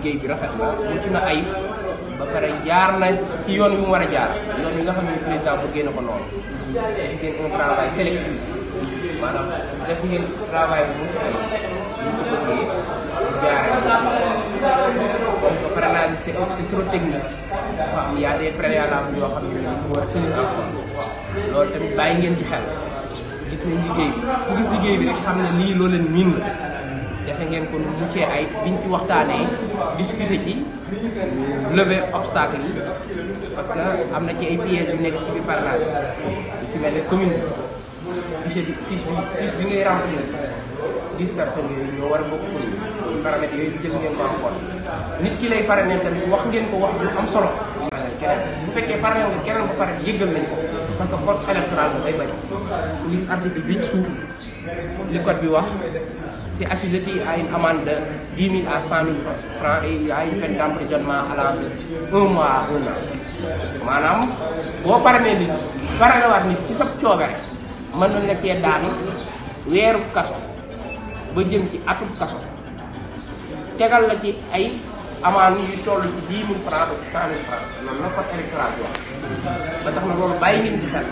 liggéey bi rafet ba pare jaar na ci yoon yu mu war a jaar yoon génn ko noonu def ngeen un travail sélectif xel gis nañ liggéey bi ku gis liggéey bi rek xam ne lii loo leen miin la na ngeen ko muccee ay biñ ci waxtaanee discuter ci lever obstacle yi parce que am na ci ay pièges yu nekk ci biir parrainage bi ci mel ne commune bi fiche bi fiche bi fiche bi ngay a bokk commune ko nit ki lay parrainé tamit wax ngeen ko wax bu am solo. keneen bu fekkee parrainé nga keneen ba pare yëgal nañ ko parce que code électoral bi day gis article bi suuf. li code bi wax c'est assujetti à une amende de dix mille à cent mille ay et à une peine d'emprisonnement mois à un an maanaam boo paranee nit paranewaat nit ci sa coobare mën na la cee daan weeru kaso ba jëm ci atum kaso tegal la ci ay amende yu toll ci dix mille francs ba ci cent mille francs loolu la code wax ba tax na loolu bàyyi ngeen ci xel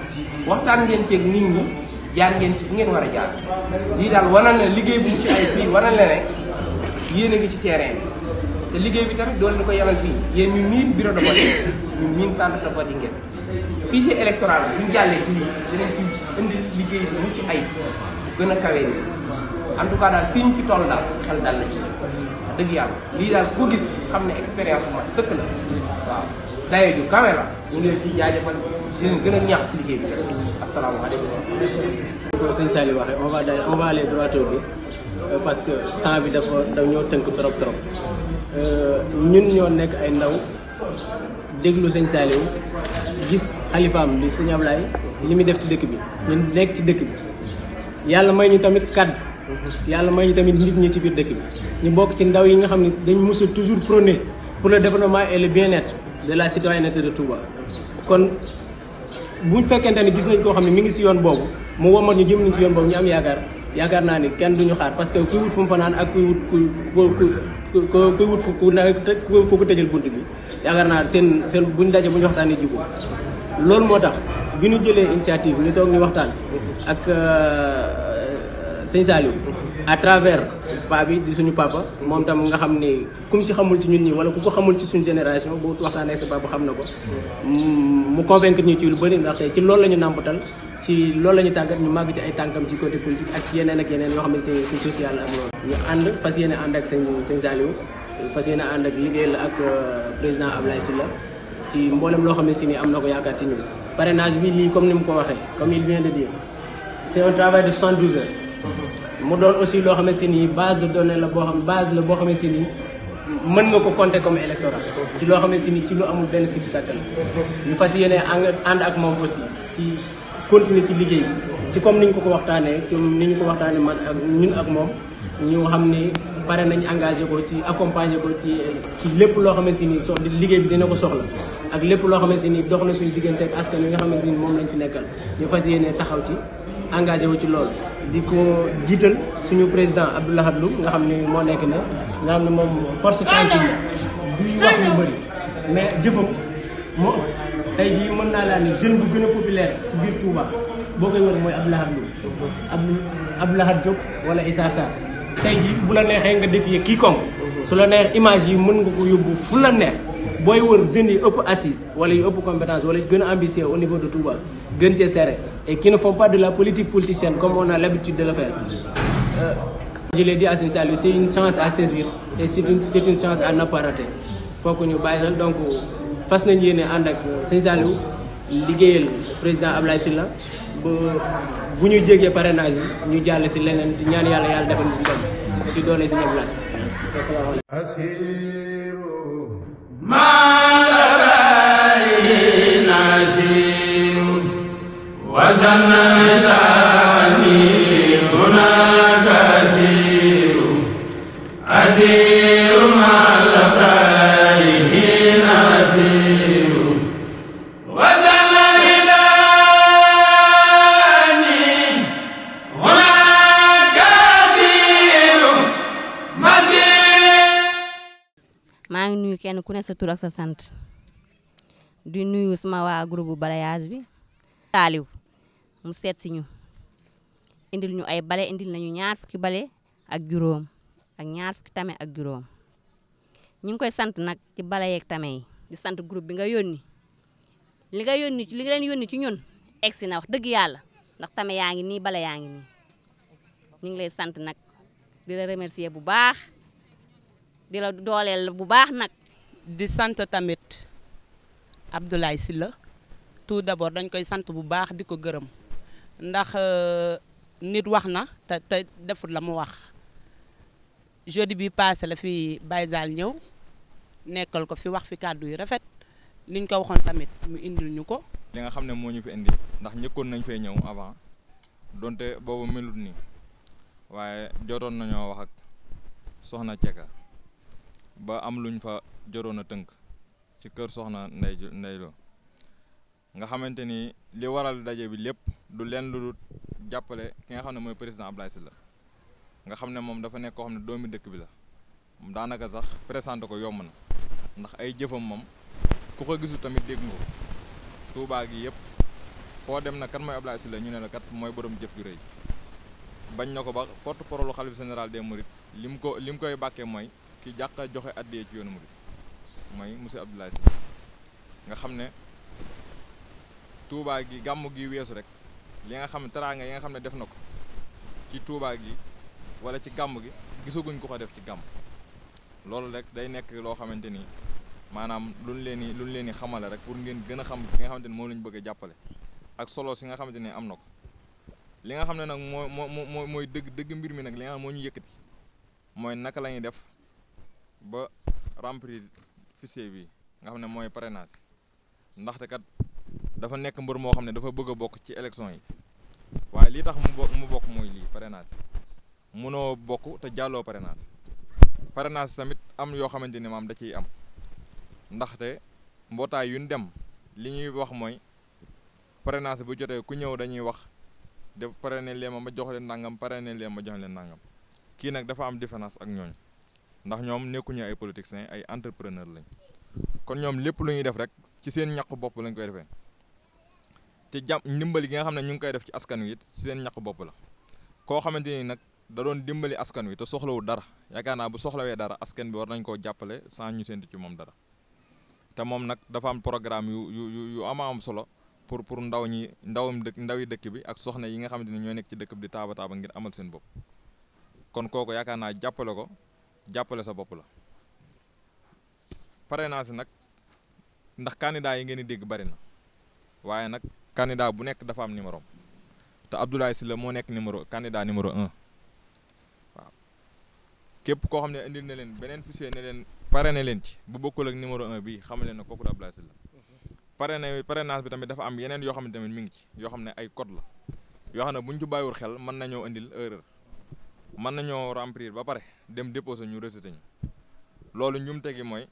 waxtaan ngeen ceeg nit ñi jaar ngeen ci fu ngeen war a jaar lii daal wanal na liggéey bu mu ci ay fii wanal na ne yéen a ngi ci terrain bi te liggéey bi tamit doon na ko yemal fii yéen ñu miin bureau de vote ñu miin si de vote yi ngeen fichier électoral ñu jàllee ci lii dinañ ci indi liggéey bi mu ci ay gën a kawe nii en daal fii ñu ci toll daal xel dal na ci dëgg yàlla lii daal ku gis xam ne expérience bu mat sëkk la waaw daye ju kawe la ñu ngi leen ciy jaajëfal di leen gën a ñaax ci liggéey bi asalaamaaleykum wa sëñ Saliou waxee on va on va euh, parce que temps bi dafa ñoo tënk trop trop euh, ñun ñoo nekk ay ndaw déglu sëñ Saliou gis xalifaam bi sëñ Ablaye li muy def ci dëkk bi ñun nekk ci dëkk bi yàlla may ñu tamit kàddu yàlla may ñu tamit nit ñi ci biir dëkk bi ñu bokk ci ndaw yi nga xam ne dañ mos toujours prôné pour le développement et le bien de la citoyenneté de Touba kon bu fekkente ne gis nañ koo xam ne mu ngi si yoon boobu mu womat ñu jëm nañ ci yoon boobu ñu am yaakaar yaakaar naa ni kenn duñu xaar parce que kuy wut fu mu fanaan ak kuy wut ku ku kuy wut fu ku ku ko tëjal bunt bi yaakaar naa seen seen buñ daje buñ waxtaanee jubóo loolu moo tax bi nu jëlee initiative ñu toog ñu waxtaan ak euh, sëñ Saliou à travers paa bi di suñu papa moom tam nga xam ne kum ci xamul ci ñun ñi wala ku ko xamul ci suñu génération bu waxtaanee sa papa xam na ko mm, mu convaincre ñu lu bëri ndaxte ci loolu la ñu nàmpatal ci loolu la ñu tàggat màgg ci ay tànkam ci côté politique ak yeneen ak yeneen yoo xam ne c'est c'est social ak loolu ñu ànd fas yéene ak sëñ sëñ fas yéene ànd ak liggéey la ak euh, président Ablaye Sylla ci mboolem loo xam ne si ni am na ko yaakaar ci ñun parrainage bi lii comme ni mu ko waxee comme il vient de dire c'est un travail de 72 heures mu doon aussi loo xamante ni base de données la boo xam base la boo xamante ni mën nga ko compter comme électorat ci loo xamante ni ci lu amul benn si sàkkan ñu fas yéene ànd ak moom aussi ci continuer ci liggéey ci comme ni ñu ko ko waxtaanee ni ñu ko waxtaanee man ak ñun ak moom ñu xam ne pare nañ engagé ko ci accompagné ko ci ci lépp loo xamante ni sox liggéey bi dina ko soxla ak lépp loo xamante ni dox na suñu diggante ak askan wi nga xamante ni moom lañ fi nekkal ñu fas yéene taxaw ci engagé wu ci loolu di ko jiital suñu président Abdou Lahad Lo nga xam ni moo nekk na nga xam ne moom force tranquille la du wax lu bëri mais jëfam moo tey jii mën naa laa ni jeune bu gën a populaire ci biir Touba boo koy wër mooy Abdou Lahad Lo Abdou Lahad wala Issa tey jii bu la neexee nga kii quiconque su la neex image yi mën nga ko yóbbu fu la neex booy wër jeunes yi ëpp assise wala yu ëpp compétence wala yu gën a ambitieux au niveau de Touba gën cee serré et qui ne font de la politique politicienne comme on a l'habitude de le faire. Euh, je l'ai dit à c'est une chance à saisir et c'est une c'est une chance à ne pas rater faut ñu bàyyi xel donc fas nañu yéene ànd ak Sine Saliou liggéeyal président Ablaye Sylla ba bu ñu jégee parrainage bi ñu jàll si leneen di ñaan yàlla yàlla defal ñu ci doole si ñoom laaj. maa ku ne sa tur ak sa sant di nuyu sama waa groupe balayage bi. Saaliw mu seet si ñu indil ñu ay bale indil nañu ñaar fukki bale ak juróom ak ñaar fukki tame ak juróom ñu ngi koy sant nag ci bale yeeg tame yi di sant group bi nga yónni li nga yónni li nga leen yónni ci ñun egsi na wax dëgg yàlla ndax tame yaa ngi nii bale yaa ngi nii ñu ngi lay sant nag di la remercier bu baax di la dooleel bu baax nag di sant tamit Abdoulaye Sylla tout d'abord dañ koy sant bu baax di ko gërëm ndax euh, nit wax na te te defut la mu wax jeudi bi passé la fi Baysal ñëw nekkal ko fi wax fi kàddu yi rafet liñ ko waxoon tamit mu indil ñu ko. li nga xam ne moo ñu fi indi ndax njëkkoon nañ fee ñëw avant donte boobu melut nii waaye jotoon nañoo wax ak soxna Ceka. ba am lu ñu fa joroon a tënk ci kër soxna Ndey Ndey nga xamante ni li waral daje bi lépp du leen lu jàppale ki nga xam ne mooy président Abdoulaye Sylla nga xam ne moom dafa nekk koo xam ne doomi dëkk bi la moom daanaka sax présenté ko yomb na ndax ay jëfam moom ku ko gisu tamit dégg nga ko Tuubaa gi yëpp foo dem na kat mooy Abdoulaye la ñu ne la kat mooy borom jëf ju rëy bañ na ko ba porte-parole xalif général des mourides li mu ko li mu koy bàkkee mooy ki jàkka joxe addee ci yoonu murid mooy monsieur Abdoulaye Sylla nga xam ne tuubaa gi gàmm gi weesu rek li nga xam ne yi nga xam ne def na ko ci Touba gi wala ci gàmm gi gisaguñ ko ko def ci gàmm loolu rek day nekk loo xamante ni maanaam lu leen di luñ leen di xamale rek pour ngeen gën a xam ki nga xamante ni moom lañ bëgg a jàppale ak solo si nga xamante ne am na ko li nga xam ne nag moo moo moo mooy dëgg dëgg mbir mi nag li nga xam moo ñu yëkkati mooy naka lañuy def ba remplir fichier bi nga xam ne mooy parrainage ndaxte kat dafa nekk mbër moo xam ne dafa bëgg a bokk ci élection yi waaye lii tax mu bokk mu bokk mooy lii parrainage munoo bokk te jàlloo parrainage parrainage tamit am yoo xamante ni maam da ciy am ndaxte mbootaay yu ñu dem li ñuy wax mooy parrainage bu jotee ku ñëw dañuy wax de parrainé leen ma ma jox leen nangam parrainé leen ma jox leen nangam kii nag dafa am différence ak ñooñ ndax ñoom nekkuñu ay politiciens ay entrepreneur lañ kon ñoom lépp lu ñuy def rek ci seen ñàkk bopp lañ koy defee te jam ndimbali gi nga xam ne ñu ngi koy def ci askan wi it seen ñàkk bopp la koo xamante nag da doon dimbali askan wi te soxlawul dara yaakaar naa bu soxlawee dara askan bi war nañ koo jàppale saa ñu séntu ci moom dara te moom nag dafa am programme yu yu yu amaa am solo pour pour ndaw ñi ndawum dëkk ndawi dëkk bi ak soxna yi nga xamante ni ñoo nekk ci dëkk bi di taaba taaba ngir amal seen bopp kon kooku yaakaar naa jàppale ko jàppale sa bopp la parrainage nag ndax candidat yi ngeen di dégg bari na waaye nag candidat bu nekk dafa am numéro te Abdoulaye la moo nekk numéro candidat numéro un képp koo xam ne indil na leen beneen fichier ne leen parrainé leen ci bu bokkul ak numéro un bi xam leen ne kooku da Abdoulaye Sylla parrainé parrainage bi tamit dafa am yeneen yoo xam ne tamit mu ngi ci yoo xam ne ay code la yoo xam ne bu ñu ci bàyyiwul xel mën nañoo indil erreur mën nañoo remplir ba pare dem déposer ñu rejeté ñu loolu njumte gi mooy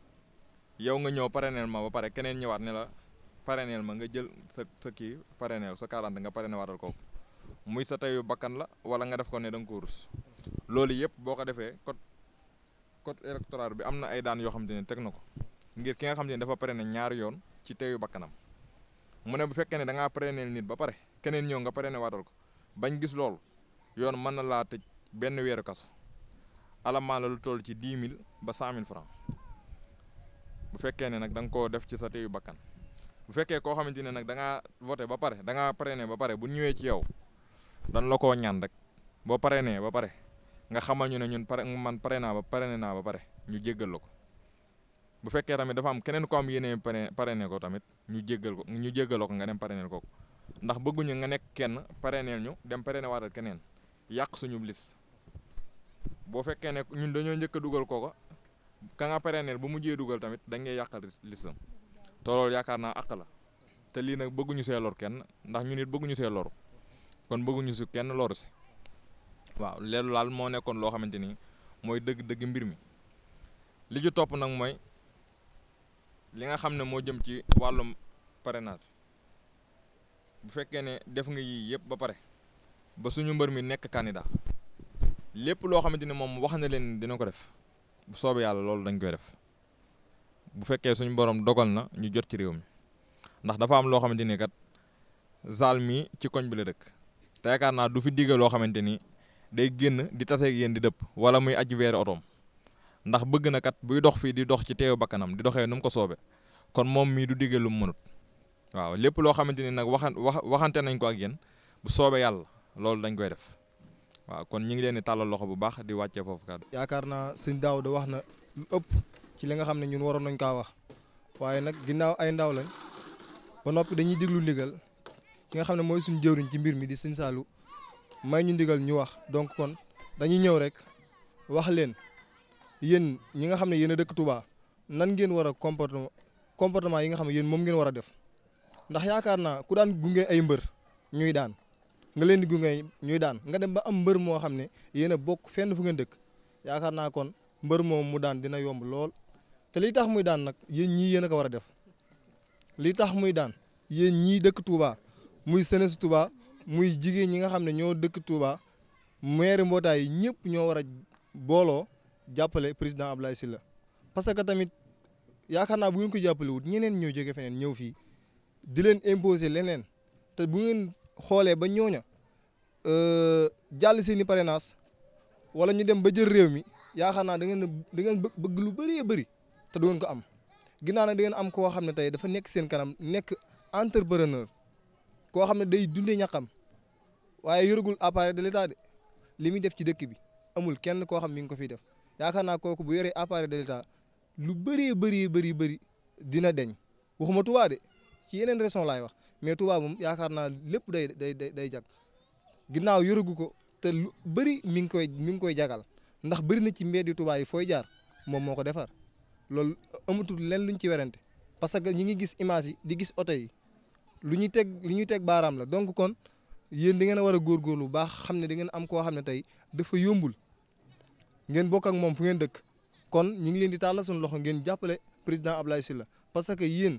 yow nga ñëw parrainel ma ba pare keneen ñëwaat ne la parrainel ma nga jël sa sa kii parrainel sa 40 nga parrainé waatal ko muy sa teyu bakkan la wala nga def ko ne da nga ko rus loolu yëpp boo ko defee code code électoral bi am na ay daan yoo xam ne teg na ko ngir ki nga xam ne dafa parrainé ñaari yoon ci teyu bakkanam mu ne bu fekkee ne da ngaa parrainel nit ba pare keneen ñëw nga parrainé waatal ko bañ gis loolu yoon mën na laa tëj benn weeru kas alamaan la lu toll ci dix mille ba cent mille franc bu fekkee ne nag da nga koo def ci sa teyu bakkan bu fekkee koo xamante ne nag da ngaa voté ba pare da ngaa parrainé ba pare bu ñëwee ci yow dan la koo ñaan rek boo parrainé ba pare nga xamal ñu ne ñun pare man pare naa ba parrainé naa ba pare ñu jéggal la ko bu fekkee tamit dafa am keneen ko am yéene ne ko tamit ñu jéggal ko ñu jéggal ko nga dem parrainé ko ndax nga nekk kenn parrainé ñu dem parrainé waatal keneen yàq suñu liste boo fekkee ne ñun dañoo njëkk a dugal kooka ka nga parrainer bu mujjee dugal tamit dañ ngay yàqal listam te yaakaar naa àq la te lii nag bëgguñu see lor kenn ndax ñun it bëgguñu see loru kon bëgguñu si kenn loru si waaw leelu laal moo nekkoon loo xamante ni mooy dëgg-dëgg mbir mi li ci topp nag mooy li nga xam ne moo jëm ci wàllum parrainage bu fekkee ne def nga yii yëpp ba pare ba suñu mbër mi nekk candidat lépp loo xamante ni moom wax na leen dina ko def bu soobee yàlla loolu dañ koy def bu fekkee suñu borom dogal na ñu jot ci réew mi ndax dafa am loo xamante ni kat Sall mi ci koñ bi la dëkk te naa du fi digga loo xamante ni day génn di taseeg yéen di dëpp wala muy aji weere otoom ndax bëgg na kat buy dox fii di dox ci teewu bakkanam di doxee nu mu ko soobee kon moom mii du digga lu mu mënut waaw lépp loo xamante ni nag waxan waxante nañ ko ak yéen bu soobee yàlla loolu dañ koy def. waaw kon ñu ngi leen di tàllal loxo bu baax di wàccee foofu kàddu. yakar naa sëñ daaw da wax na lu ëpp ci li nga xam ne ñun waroon nañ kaa wax waaye nag ginnaaw ay ndaw lañ ba noppi dañuy diglu ndigal ki nga xam ne mooy suñu jëwriñ ci mbir mi di sëñ Saalu may ñu ndigal ñu wax donc kon dañuy ñëw rek wax leen yéen ñi nga xam ne yéen a dëkk nan ngeen war a comportement comportement yi nga xam ne yéen moom ngeen war a def ndax yaakaar naa ku daan gunge ay mbër ñuy daan. nga leen di gunge ñuy daan nga dem ba am mbër moo xam ne yéen a bokk fenn fu ngeen dëkk yaakaar naa kon mbër moom mu daan dina yomb lool te li tax muy daan nag yéen ñii yéen a ko war a def li tax muy daan yéen ñii dëkk Touba muy senes Touba muy jigéen ñi nga xam ne ñoo dëkk Touba maire mbootaay yi ñëpp ñoo war a booloo jàppale président Abdoulaye Sylla parce que tamit yaakaar naa bu ngeen ko jàppale wut ñeneen ñoo jóge feneen ñëw fii di leen imposer leneen te bu ngeen xoolee ba ñooña euh, jàll seeni parrainage wala ñu dem ba jër réew mi yaakaar naa da ngeen da ngeen bëgg lu bëree bëri te du ngeen ko am ginnaaw nag da ngeen am koo xam ne tey dafa nekk seen kanam nekk entrepreneur koo xam ne day dundee ñaqam waaye yoragul appareil de l'état de li muy def ci dëkk bi amul kenn koo xam mi ngi ko fiy def yaakaar naa kooku bu yoree appareil de l'état lu bëree bëri bëri bëri dina deñ waxuma tubaa de ci yeneen raison laay wax mais Touba moom yaakaar naa lépp day day day day jag ginnaaw yoragu ko te lu bëri mi ngi koy mi ngi koy jagal ndax bëri na ci mbedd Touba yi fooy jaar moom moo ko defar loolu len lu luñ ci werante parce que ñu ngi gis image yi di gis oto lu ñuy teg lu ñuy teg baaraam la donc kon yéen di ngeen a war a góorgóorlu bu baax xam ne di ngeen am koo xam ne tey dafa yombul ngeen bokk ak moom fu ngeen dëkk kon ñu ngi leen di tàllal suñu loxo ngeen jàppale président Abdoulaye la parce que yéen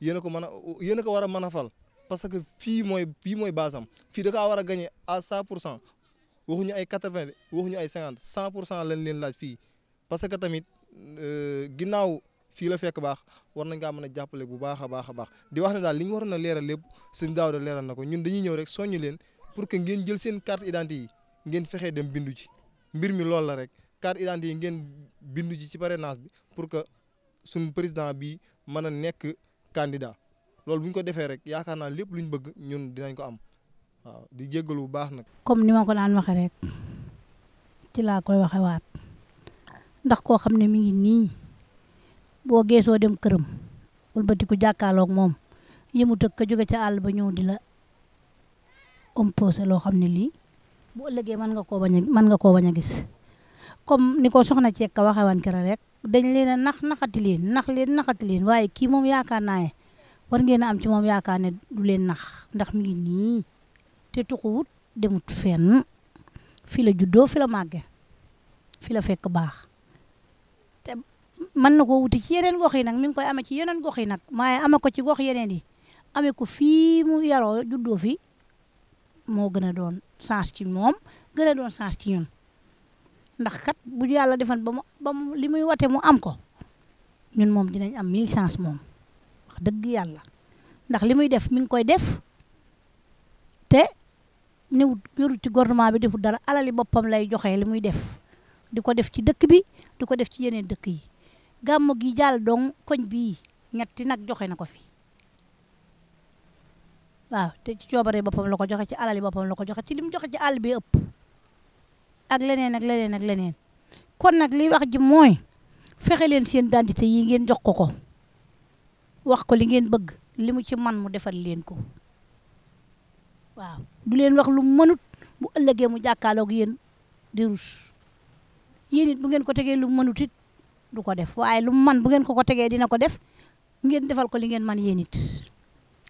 yéen a ko mën a yéen ko war a mën a fal parce que fii mooy fii mooy basam fii da kaa war a gagné à cent pour cent waxuñu ay quatre-vingt waxuñu ay cinquante cent pour cent lañ leen laaj fii parce que tamit euh, ginnaaw fii la fekk baax war nañ kaa mën a jàppale bu baax a baax a baax di wax ne daal li war na a leeral lépp sëñ daaw de leeral na ko ñun dañuy ñëw rek soññu leen pour que ngeen jël seen carte d'identité yi ngeen fexe dem bindu ci mbir mi loolu la rek carte d'identité yi ngeen bindu ci ci parrainage bi pour que suñ président bi mën a nekk candidat loolu bu ñu ko defee rek yaakaar naa lépp lu ñu bëgg ñun dinañ ko am di jéggalu bu baax nag. comme ni ma ko daan waxee rek ci laa koy waxe waat ndax koo xam ne mi ngi nii boo geesoo dem këram wëlbatiku jàkkaarloog moom yëmut ak ka jóge ca àll ba ñëw di la imposé loo xam ne lii boo ëllëgee mën nga ko bañ a mën nga koo bañ a gis. comme ni ko soxna Cekka waxee woon keroog rek dañ leen a nax naxati leen nax leen naxati leen waaye kii moom yaakaar naa ne war ngeen a am ci moom yaakaar ne du leen nax ndax mi ngi nii te tuxuwut demut fenn fi la juddoo fi la màggee fi la fekk baax te mën na ko wuti ci yeneen gox yi nag mi ngi koy amee ci yeneen gox yi nag waaye ama ko ci gox yeneen yi amee ko fii mu yaro juddoo fi moo gën a doon chance ci moom gën a doon chance ci ñun ndax kat bu yàlla defal ba mu ba mu li muy wate mu am ko ñun moom dinañ am mille chance moom wax dëgg yàlla ndax li muy def mi ngi koy def te ñëw yoru ci gouvernement bi defu dara alali boppam lay joxe li muy def di ko def ci dëkk bi di ko def ci yeneen dëkk yi gàmm gi jàll dong koñ bi ñetti nag joxe na ko fi waaw te ci coobaree boppam la ko joxe ci alali boppam la ko joxe ci li mu joxe ci àll bi ëpp ak leneen ak leneen ak leneen kon nag li wax ji mooy fexe leen seen identité yi ngeen jox ko ko wax ko li ngeen bëgg li mu ci man mu defal leen ko waaw du leen wax lu mënut bu ëllëgee mu jàkkaarloog yéen di rus yéen it bu ngeen ko tegee lu mënut it du ko def waaye lum man bu ngeen ko ko tegee dina ko def ngeen defal ko li ngeen man yéen it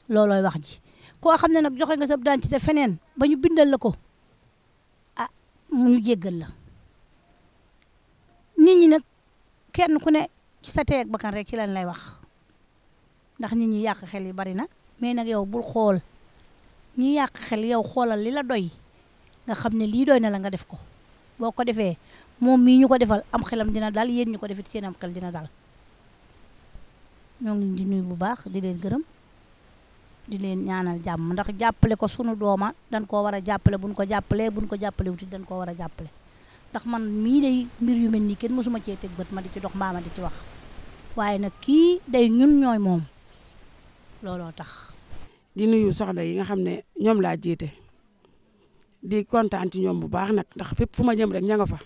loolooy wax ji koo xam ne nag joxe nga sa identité feneen ba ñu bindal la ko mu ñu jéggal la nit ñi nag kenn ku ne ci sa teeg bakkan rek ci lañ lay wax ndax nit ñi yàq xel yi bari na mais nag yow bul xool ñi yàq xel yow xoolal li la doy nga xam ne lii doy na la nga def ko boo ko defee moom mii ñu ko defal am xelam dina dal yéen ñu ko defit seen am xel dina dal ñoo di nuyu bu baax di leen gërëm di leen ñaanal jàmm ndax jàppale ko sunu dooma dañ koo war a jàppale buñ ko jàppalee buñ ko jàppale wuti dañ koo war a jàppale ndax man mii day mbir yu mel nii kenn mësuma cee teg bët ma di ci dox mbaama di ci wax waaye nag kii day ñun ñooy moom looloo tax di nuyu soxna yi nga xam ne ñoom laa jiite di kontaan ci ñoom bu baax nag ndax fépp fu ma jëm rek ña nga fa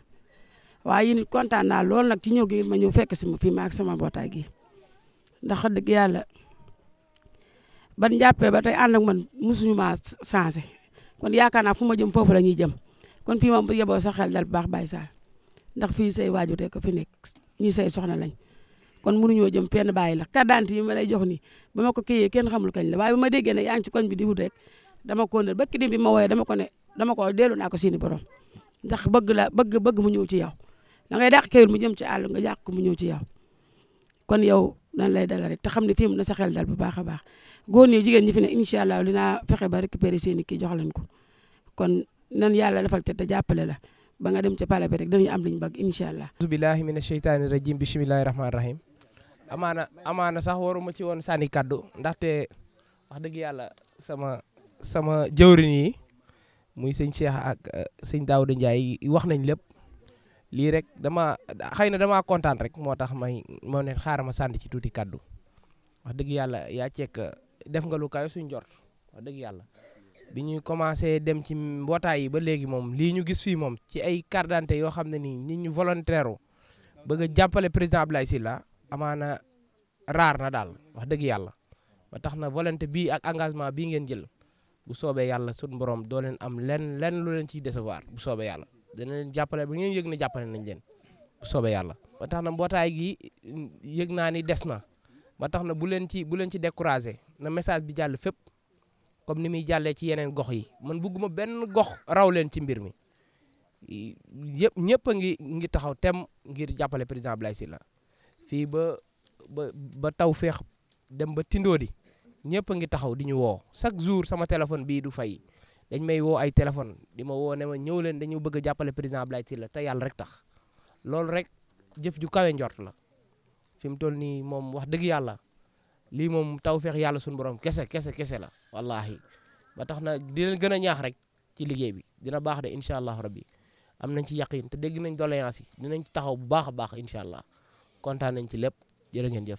waaye nit kontaan naa lool nag ci ñëw gi ma ñëw fekk si ma fii ma sama mbootaay gi ndax dëgg yàlla ban jàppee ba tey ànd ak man mosuñu maa changé kon yaakaar naa fu ma jëm foofu la ñuy jëm kon fii moom bu yeboo sa xel dal bu baax Baye Sall ndax fii say waajur rek fi nekk ñi say soxna lañ kon mënuñoo jëm fenn bàyyi la carte d'identité yi ma lay jox nii ba ma ko kiiyee kenn xamul kañ la waaye bu ma déggee ne yaa ngi ci koñ bi di wut rek dama ko ne ba kidim bi ma wooyee dama ko ne dama ko dellu naa ko seeni borom ndax bëgg la bëgg bëgg mu ñëw ci yow da ngay dàq kayul mu jëm ci àll nga yàq mu ñëw ci yow kon yow nan lay dala rek te xam ne fii mu na sa dal bu baax a baax góor ñi jigéen ñi fi ne incha allah dinaa fexe ba récupérer seen i ki jox leen ko kon nan yàlla defal te te jàppale la ba nga dem ca pale bi rek danañu am liñ bëgg incha allah asubilahi mina sheytaani rajim bisimilahi rahmaani rahim amaana amaana sax waruma ci woon sànni kaddu ndaxte wax dëgg yàlla sama sama jëwrin yi muy sëñ Cheikh ak eh, sëñ Daouda Ndiaye wax nañ lépp lii rek dama xëy na damaa kontaan rek moo tax may moo ne xaaral ma sànni ci tuuti kàddu wax dëgg yàlla yaa cekk def nga lu kaay suñ jot wax dëgg yàlla bi ñuy commencé dem ci mbootaay ba léegi moom lii ñu gis fii moom ci ay carte d'identité yoo xam ne nii nit ñu volontaire bëgg a jàppale président Abdoulaye Sylla amaana raar na daal wax dëgg yàlla ba tax na volonté bii ak engagement bii ngeen jël bu soobee yàlla suñ borom doo leen am lenn lenn lu leen ciy décevoir bu soobee yàlla dana leen jàppale ba ngeen yëg ne jàppale nañ leen soobe soobee yàlla. ba tax na mbootaay gi yëg naa ni des na ba tax na bu leen ci bu leen ci découragé na message bi jàll fépp comme ni muy jàllee ci yeneen gox yi man bugguma benn gox raw leen ci mbir mi yëpp ñëpp a ngi ngi taxaw tem ngir jàppale président si la fii ba ba ba taw feex dem ba tindoo di ñëpp ngi taxaw di ñu woo chaque jour sama téléphone bii du fay. dañ may woo ay téléphone di ma woo ne ma ñëw leen dañu bëgg a jàppale président Abdoulaye la te yàlla rek tax loolu rek jëf ju kawe njort la fi mu toll nii moom wax dëgg yàlla lii moom taw feex yàlla suñu borom kese kese kese la wallahi ba tax na di leen gën a ñaax rek ci liggéey bi dina baax de incha allah rabbi am nañ ci yaqin te dégg nañ doléance yi dinañ ci taxaw bu baax a baax incha allah kontaan nañ ci lépp jërë ngeen jëf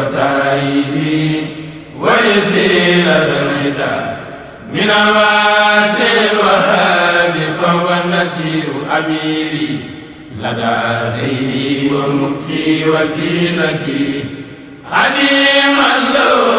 وتائبي ويزيل الردى من الواسع الوهاب فهو النسير أميري لدى سيدي ومكسي وسيلتي خديما له